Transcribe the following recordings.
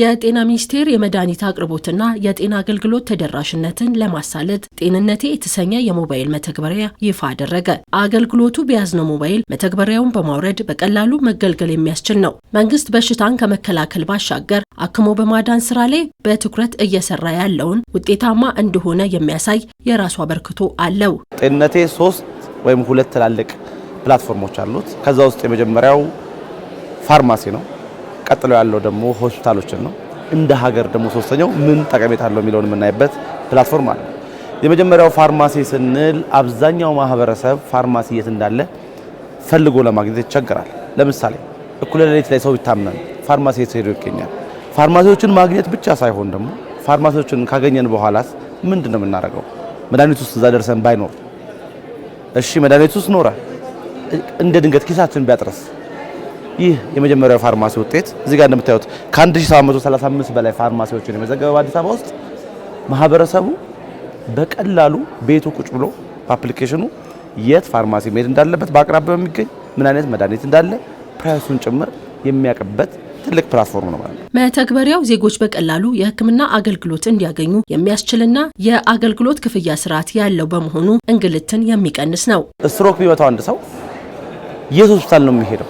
የጤና ሚኒስቴር የመድኃኒት አቅርቦትና የጤና አገልግሎት ተደራሽነትን ለማሳለጥ ጤንነቴ የተሰኘ የሞባይል መተግበሪያ ይፋ አደረገ። አገልግሎቱ በያዝነው ሞባይል መተግበሪያውን በማውረድ በቀላሉ መገልገል የሚያስችል ነው። መንግስት በሽታን ከመከላከል ባሻገር አክሞ በማዳን ስራ ላይ በትኩረት እየሰራ ያለውን ውጤታማ እንደሆነ የሚያሳይ የራሱ አበርክቶ አለው። ጤንነቴ ሶስት ወይም ሁለት ትላልቅ ፕላትፎርሞች አሉት። ከዛ ውስጥ የመጀመሪያው ፋርማሲ ነው። ቀጥሎ ያለው ደግሞ ሆስፒታሎችን ነው። እንደ ሀገር ደግሞ ሶስተኛው ምን ጠቀሜታ አለው የሚለውን የምናይበት ፕላትፎርም አለ። የመጀመሪያው ፋርማሲ ስንል አብዛኛው ማህበረሰብ ፋርማሲ የት እንዳለ ፈልጎ ለማግኘት ይቸገራል። ለምሳሌ እኩለ ሌሊት ላይ ሰው ይታመናል፣ ፋርማሲ የት ሄዶ ይገኛል? ፋርማሲዎችን ማግኘት ብቻ ሳይሆን ደግሞ ፋርማሲዎችን ካገኘን በኋላስ ምንድን ነው የምናደርገው? መድኃኒት ውስጥ እዛ ደርሰን ባይኖር እሺ፣ መድኃኒት ውስጥ ኖረ እንደ ድንገት ኪሳችን ቢያጥረስ ይህ የመጀመሪያው ፋርማሲ ውጤት እዚህ ጋር እንደምታዩት ከ1735 በላይ ፋርማሲዎችን የመዘገበ በአዲስ አበባ ውስጥ ማህበረሰቡ በቀላሉ ቤቱ ቁጭ ብሎ በአፕሊኬሽኑ የት ፋርማሲ መሄድ እንዳለበት፣ በአቅራቢያው የሚገኝ ምን አይነት መድኃኒት እንዳለ ፕራይሱን ጭምር የሚያውቅበት ትልቅ ፕላትፎርም ነው ማለት ነው። መተግበሪያው ዜጎች በቀላሉ የሕክምና አገልግሎት እንዲያገኙ የሚያስችልና የአገልግሎት ክፍያ ስርዓት ያለው በመሆኑ እንግልትን የሚቀንስ ነው። ስትሮክ ቢመታው አንድ ሰው የት ሆስፒታል ነው የሚሄደው?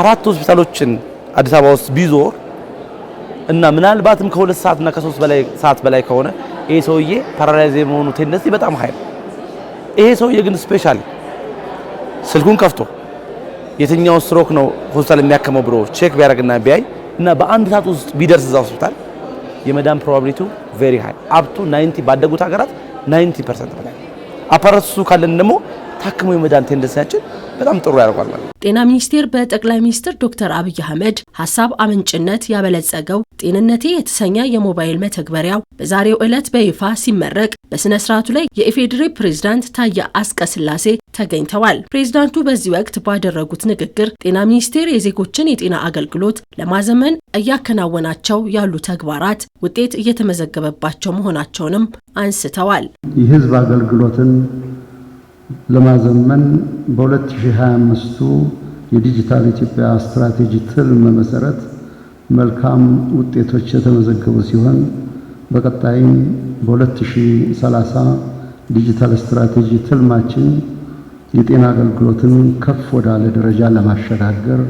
አራት ሆስፒታሎችን አዲስ አበባ ውስጥ ቢዞር እና ምናልባትም ከሁለት ሰዓት እና ከሶስት በላይ ሰዓት በላይ ከሆነ ይሄ ሰውዬ ፓራላይዝ የመሆኑ ቴንደንሲ በጣም ሀይል። ይሄ ሰውዬ ግን ስፔሻል ስልኩን ከፍቶ የትኛው ስትሮክ ነው ሆስፒታል የሚያከመው ብሎ ቼክ ቢያደርግና ቢያይ እና በአንድ ሰዓት ውስጥ ቢደርስ እዛ ሆስፒታል የመዳን ፕሮባቢሊቲ ቬሪ ሃይ ቱ 90 ባደጉት ሀገራት 90 ፐርሰንት በላይ አፓራቱሱ ካለን ደግሞ ታክሞ የመዳን ቴንደንሲያችን በጣም ጥሩ ያደርጓል ማለት ነው። ጤና ሚኒስቴር በጠቅላይ ሚኒስትር ዶክተር አብይ አህመድ ሀሳብ አመንጭነት ያበለጸገው ጤንነቴ የተሰኘ የሞባይል መተግበሪያው በዛሬው ዕለት በይፋ ሲመረቅ በሥነ ሥርዓቱ ላይ የኢፌዴሪ ፕሬዝዳንት ታየ አስቀስላሴ ተገኝተዋል። ፕሬዝዳንቱ በዚህ ወቅት ባደረጉት ንግግር ጤና ሚኒስቴር የዜጎችን የጤና አገልግሎት ለማዘመን እያከናወናቸው ያሉ ተግባራት ውጤት እየተመዘገበባቸው መሆናቸውንም አንስተዋል። የህዝብ አገልግሎትን ለማዘመን በ2025 የዲጂታል ኢትዮጵያ ስትራቴጂ ትልም መሰረት መልካም ውጤቶች የተመዘገቡ ሲሆን በቀጣይም በ2030 ዲጂታል ስትራቴጂ ትልማችን የጤና አገልግሎትን ከፍ ወዳለ ደረጃ ለማሸጋገር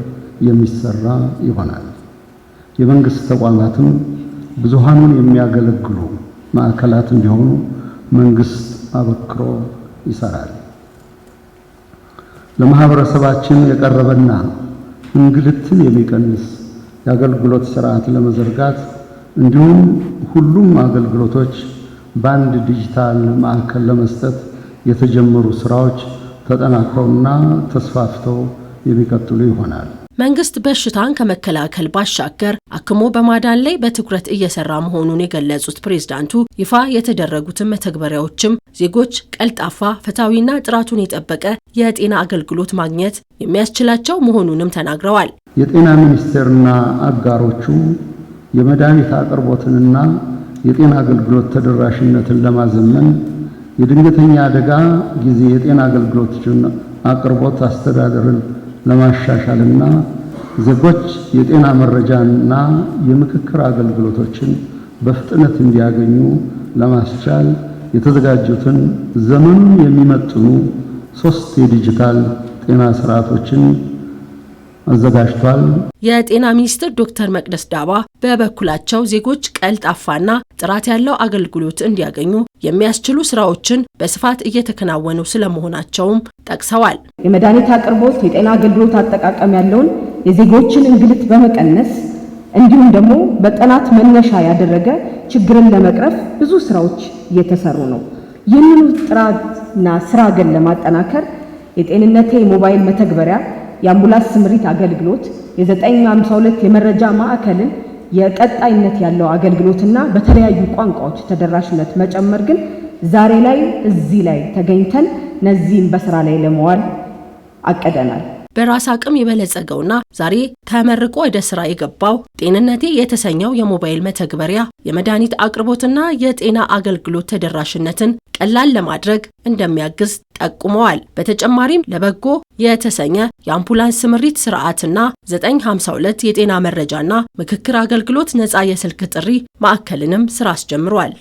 የሚሰራ ይሆናል። የመንግስት ተቋማትም ብዙሃኑን የሚያገለግሉ ማዕከላት እንዲሆኑ መንግስት አበክሮ ይሰራል። ለማህበረሰባችን የቀረበና እንግልትን የሚቀንስ የአገልግሎት ስርዓት ለመዘርጋት እንዲሁም ሁሉም አገልግሎቶች በአንድ ዲጂታል ማዕከል ለመስጠት የተጀመሩ ስራዎች ተጠናክረውና ተስፋፍተው የሚቀጥሉ ይሆናል። መንግስት በሽታን ከመከላከል ባሻገር አክሞ በማዳን ላይ በትኩረት እየሰራ መሆኑን የገለጹት ፕሬዝዳንቱ ይፋ የተደረጉትን መተግበሪያዎችም ዜጎች ቀልጣፋ፣ ፍትሐዊና ጥራቱን የጠበቀ የጤና አገልግሎት ማግኘት የሚያስችላቸው መሆኑንም ተናግረዋል። የጤና ሚኒስቴርና አጋሮቹ የመድኃኒት አቅርቦትንና የጤና አገልግሎት ተደራሽነትን ለማዘመን የድንገተኛ አደጋ ጊዜ የጤና አገልግሎቶችን አቅርቦት አስተዳደርን ለማሻሻልና ዜጎች የጤና መረጃና የምክክር አገልግሎቶችን በፍጥነት እንዲያገኙ ለማስቻል የተዘጋጁትን ዘመኑን የሚመጥኑ ሶስት የዲጂታል ጤና ስርዓቶችን አዘጋጅቷል። የጤና ሚኒስትር ዶክተር መቅደስ ዳባ በበኩላቸው ዜጎች ቀልጣፋና ጥራት ያለው አገልግሎት እንዲያገኙ የሚያስችሉ ስራዎችን በስፋት እየተከናወኑ ስለመሆናቸውም ጠቅሰዋል። የመድኃኒት አቅርቦት፣ የጤና አገልግሎት አጠቃቀም ያለውን የዜጎችን እንግልት በመቀነስ እንዲሁም ደግሞ በጥናት መነሻ ያደረገ ችግርን ለመቅረፍ ብዙ ስራዎች እየተሰሩ ነው። ይህንኑ ጥራትና ስራ ግን ለማጠናከር የጤንነቴ ሞባይል መተግበሪያ የአምቡላንስ ስምሪት አገልግሎት የ952 የመረጃ ማዕከልን የቀጣይነት ያለው አገልግሎትና በተለያዩ ቋንቋዎች ተደራሽነት መጨመር ግን ዛሬ ላይ እዚህ ላይ ተገኝተን እነዚህም በስራ ላይ ለመዋል አቅደናል። በራስ አቅም የበለጸገውና ዛሬ ተመርቆ ወደ ስራ የገባው ጤንነቴ የተሰኘው የሞባይል መተግበሪያ የመድኃኒት አቅርቦትና የጤና አገልግሎት ተደራሽነትን ቀላል ለማድረግ እንደሚያግዝ ጠቁመዋል። በተጨማሪም ለበጎ የተሰኘ የአምቡላንስ ስምሪት ስርዓትና 952 የጤና መረጃና ምክክር አገልግሎት ነጻ የስልክ ጥሪ ማዕከልንም ስራ አስጀምሯል።